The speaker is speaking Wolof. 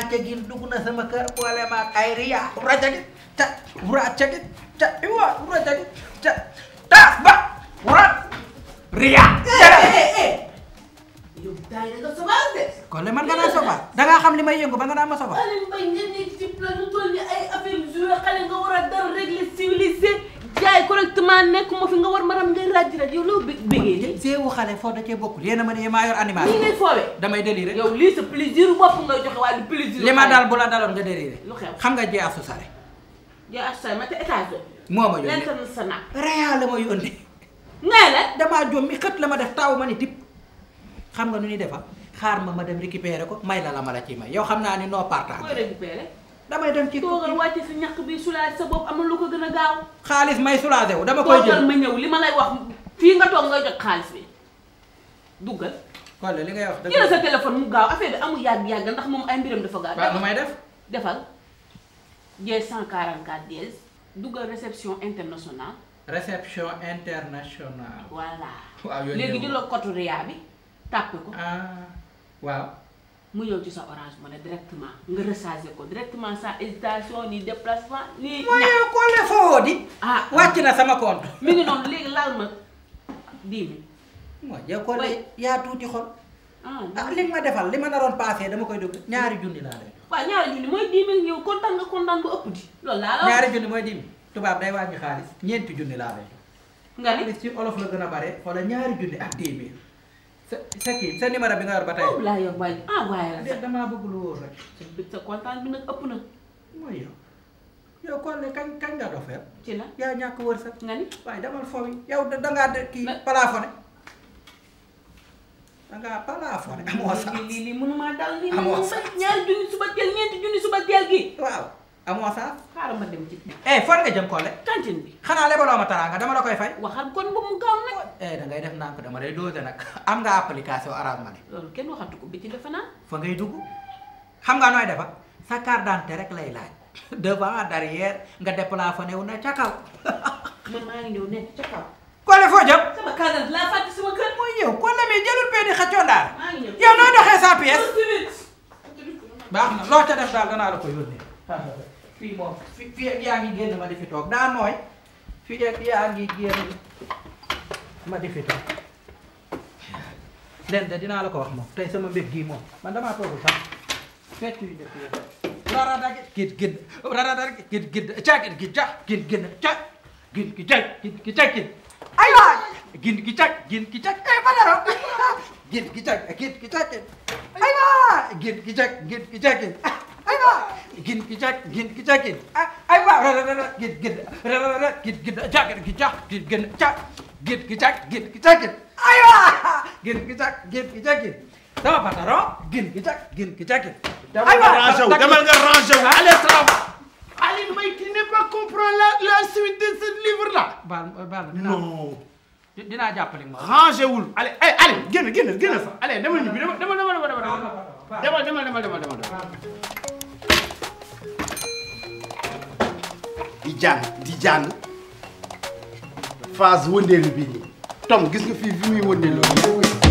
raca gi dugg na sama kër boole ma ay riya raca gi ta raca gi ta iwa raca gi ta ta ba rat riya eh, eh, eh, yow daay na nga kon man nga naa sobaal da ngaa xam li may yëngu ba ma sobaal. xale correctement nekkuma fi ma ram ngay ràjj rek yow loo bég bégee seewu xale foo da yéen ma ne maa yor animal nii ngay foowee sa plaisir bopp nga joxe waaye du li ma daal bu la daloon nga déliré xam nga jee asu sare jee asu sare moo ma yónni l'international réa ma yoon ngay la damaa jom mi xët la ma def taaw ma ni tip xam nga nu ñuy defar xaar ma ma dem récupérer ko may la la ma la ci may yow xam naa ni noo partage damay dem ci toogal wàcc si ñàkk bi soulager sa bopp amul lu ko gën a gaaw xaalis may soulager wu dama koy jël ma ñëw li ma lay wax fii nga toog nga jot xaalis bi duggal Collé li ngay wax dëgg sa téléphone mu gaaw affaire bi amul yàgg-yàgg ndax moom ay mbiram dafa gaaw waaw nu may def defal dièse 144 dièse duggal réception internationale réception internationale voilà waaw léegi jëlal code RIA bi tàppe ko ah waaw mu ñëw ci sa orange ne directement nga recharger ko directement sans hésitation ni déplacement ni. ña mooy koo fawoo di. Ah, ah wàcc na sama compte. mi ngi noonu léegi laal ma dix mille. mooy yow Kole yaa tuuti xol. ah, ah li ma li ma naroon paase dama koy déglu ñaari junni laa lay. waaw ñaari junni mooy ñëw kontaan nga kontaan bu ëpp di. loolu la ñaari junni mooy dix mille tubaab day wàññi xaalis ñeenti junni laa lay. nga ni si olof la gën a bare wala ñaari junni ak dix sa sa sa numéro bi nga yor ba tey. waaw yow waaye ah, damaa bëgg lu wóor rek. sa kontaan bi nag ëpp na. mooy yow yow kon kañ kañ nga dofeel. ci la yaa ñàkk wërsëg. nga ni waaye demal foofu yow da ngaa kii palaafoné. da ngaa palaafoné amoo lii lii mënumaa dal. amoo sax ñaari junni suba teel ñeenti junni suba teel gi. waaw. amoo saa. xaaral ma dem ci. eh fan nga jëm Kole. cantine bi. xanaa lebaloo ma taraanga dama la koy fay. waxal kon bu mu gaaw nag. eh da ngay def naa ko dama lay doose nag am nga application Orange Money. loolu kenn waxatu ko bi ci defe naa. fa ngay dugg xam nga naa defa sa carte d'identité rek lay laaj. devant derrière nga déplafonné wu na ca kaw. man maa ngi ñëw nekk ca kaw. Kole foo jëm. sama kàlla laa fàtte sama kër. sa na def daal danaa la koy fii moom fii yaa ngi génn ma di fi toog daa fii yaa ngi génn ma di fi toog de dinaa la ko wax moom tey sama mbir gii moom man damaa toogul sax fekk yu def yéen rarada gid gid rarada gid gid ca gid gid ca gid gid ca gid gi ca gid gi ca gid ay waay gid gi ca gid gi ca ay badaro gid gi ca gid gi ca gin ki cak gin ki cak gin ay waaw gin gin gin gin cak gin ki cak gin gin cak gin ki cak gin ki cak gin ay waaw gin ki cak gin ki cak gin sama patron gin ki cak gin ki cak gin ay waaw demal nga rangé wu allez salaam Aliou may qui ne pas comprendre la la suite de ce livre là baal baal non dinaa jàppale ma rangé wul allez ay allez génn génn génn fa allez demal ñu bi demal demal demal demal demal demal demal di jàng di jàng phase wëndeelu bi nii Tom gis nga fii bi